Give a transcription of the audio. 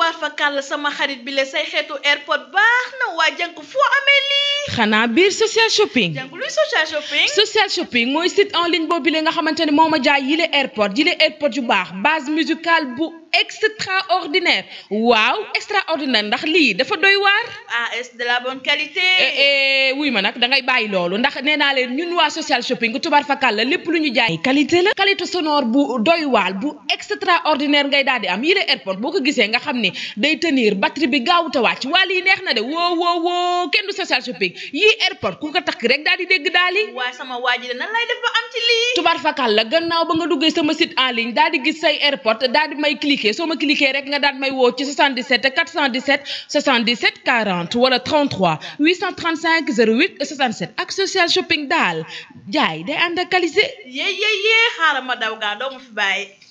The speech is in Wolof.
tubaar fa kàll sama xarit bi la say xeetu airport baax na waa jànku foo amee xanaa biir social shopping. jànku luy social shopping. social shopping mooy site en ligne boobu la nga xamante ne moo ma jaay yile airport yile airport yu baax base musicale bu. extraordinaire waaw extraordinaire ndax lii dafa doy waar. ah est de la bonne eh, eh, wuy ma nag da bàyyi loolu ndax nee naa leen ñun waa social shopping tubaar fakal la lépp lu ñu jaay qualité la. qualité sonor bu doy waar bu extraordinaire ngay daal di am yile airport boo ko gisee nga xam ni day tenir batterie bi gaawut a wàcc waa lii neex na de woo woo woo kenn du social shopping yii airport ku ko takk rek daal di dégg daal di. waaye sama waa ji de lay def ba am ci lii. parfakal la gannaaw ba nga duggee sama site en ligne daal di gis say airport daal di may cliquer soo ma cliquer rek nga daal may woo ci 77 417 77 40 wala 33 835 08 67 ak social shopping daal jaay day ànd ak qualité. yee xaaral ma daw gaa doo ma fi bàyyi.